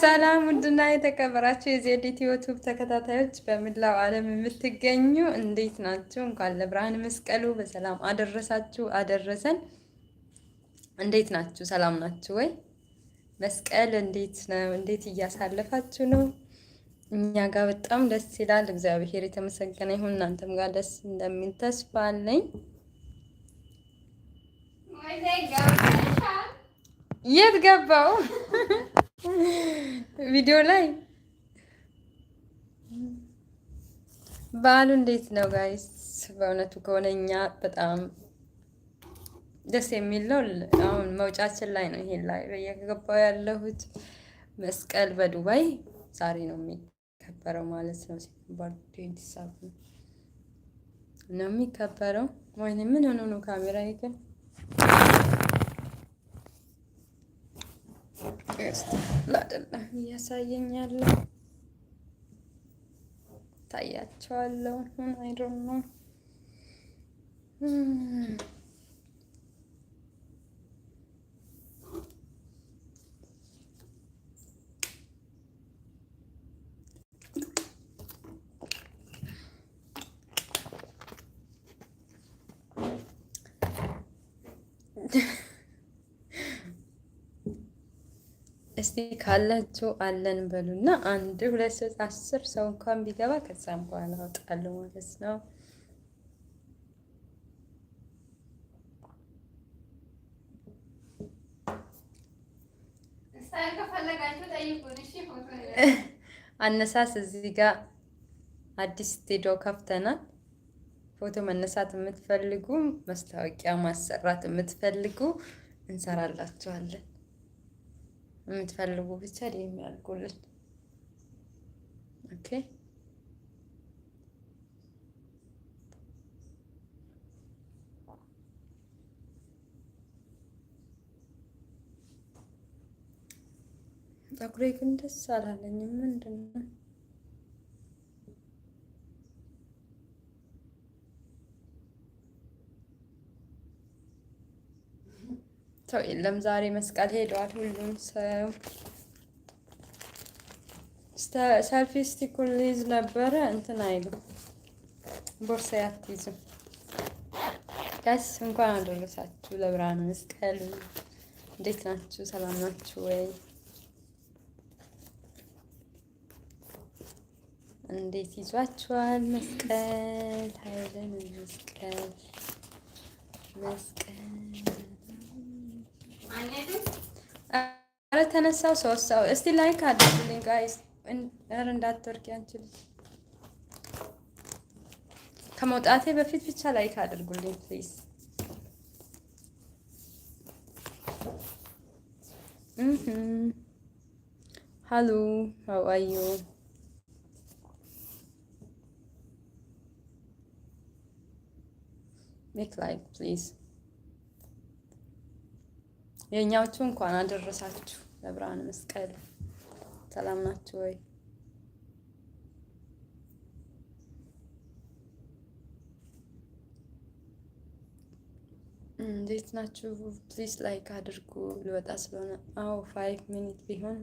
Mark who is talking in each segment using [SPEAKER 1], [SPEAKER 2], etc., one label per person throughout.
[SPEAKER 1] ሰላም ውድና የተከበራችሁ የዜዲት ዩቱብ ተከታታዮች በመላው ዓለም የምትገኙ እንዴት ናችሁ? እንኳን ለብርሃን መስቀሉ በሰላም አደረሳችሁ አደረሰን። እንዴት ናችሁ? ሰላም ናችሁ ወይ? መስቀል እንዴት ነው? እንዴት እያሳለፋችሁ ነው? እኛ ጋር በጣም ደስ ይላል። እግዚአብሔር የተመሰገነ ይሁን። እናንተም ጋር ደስ እንደሚል ተስፋ አለኝ። የት ገባው? ቪዲዮ ላይ በዓሉ እንዴት ነው ጋይስ? በእውነቱ ከሆነ እኛ በጣም ደስ የሚል ነው። አሁን መውጫችን ላይ ነው። ይሄን ላይ እየገባው ያለሁት መስቀል በዱባይ ዛሬ ነው የሚከበረው ማለት ነው። ሴፕቴምበር ነው የሚከበረው። ወይኔ ምን ሆኖ ነው ካሜራ አይደለም እያሳየኝ ያለው ታያቸዋለሁ። ምን አይደል ነው እስቲ ካላችሁ አለን በሉና አንድ ሁለት ሶስት አስር ሰው እንኳን ቢገባ ከዛም በኋላ አወጣለሁ ማለት ነው። አነሳስ እዚህ ጋር አዲስ ስቱዲዮ ከፍተናል። ፎቶ መነሳት የምትፈልጉ፣ ማስታወቂያ ማሰራት የምትፈልጉ እንሰራላችኋለን። የምትፈልጉ ብቻ ዲኤም ያድርጉልን። ኦኬ ጸጉሬ ግን ደስ አላለኝም። ምንድን ነው? ሰው የለም ዛሬ መስቀል ሄደዋል። ሁሉም ሰው ሰልፊ ስቲኩን ነበረ እንትን አይልም ቦርሳ አትይዝም። ጋይስ እንኳን አደረሳችሁ ለብርሃነ መስቀል። እንዴት ናችሁ? ሰላም ናችሁ ወይ? እንዴት ይዟችኋል? መስቀል ኃይልን መስቀል መስቀል ከተነሳው ሶስት ሰው እስቲ ላይክ አድርጉልኝ ጋይስ። እር እንዳትወርቂ አንቺ ከመውጣቴ በፊት ብቻ ላይክ አድርጉልኝ ፕሊዝ። ሃሎ ሃው አር ዩ ሜክ ላይክ ፕሊዝ። የእኛዎቹ እንኳን አደረሳችሁ። ለብርሃን መስቀል ሰላም ናችሁ ወይ? እንዴት ናችሁ? ፕሊዝ ላይክ አድርጉ። ልወጣ ስለሆነ አዎ፣ ፋይቭ ሚኒት ቢሆን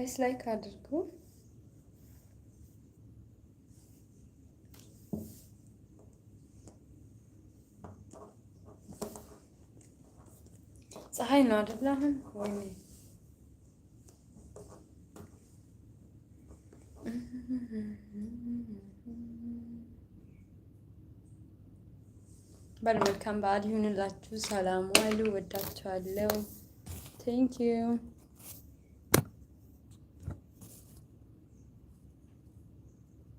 [SPEAKER 1] ጋይስ ላይክ አድርጉ። ፀሐይ ነው አይደል? አሁን ወይኔ በል መልካም በዓል ይሁንላችሁ። ሰላም ዋሉ። ወዳችኋለሁ። ቴንኪዩ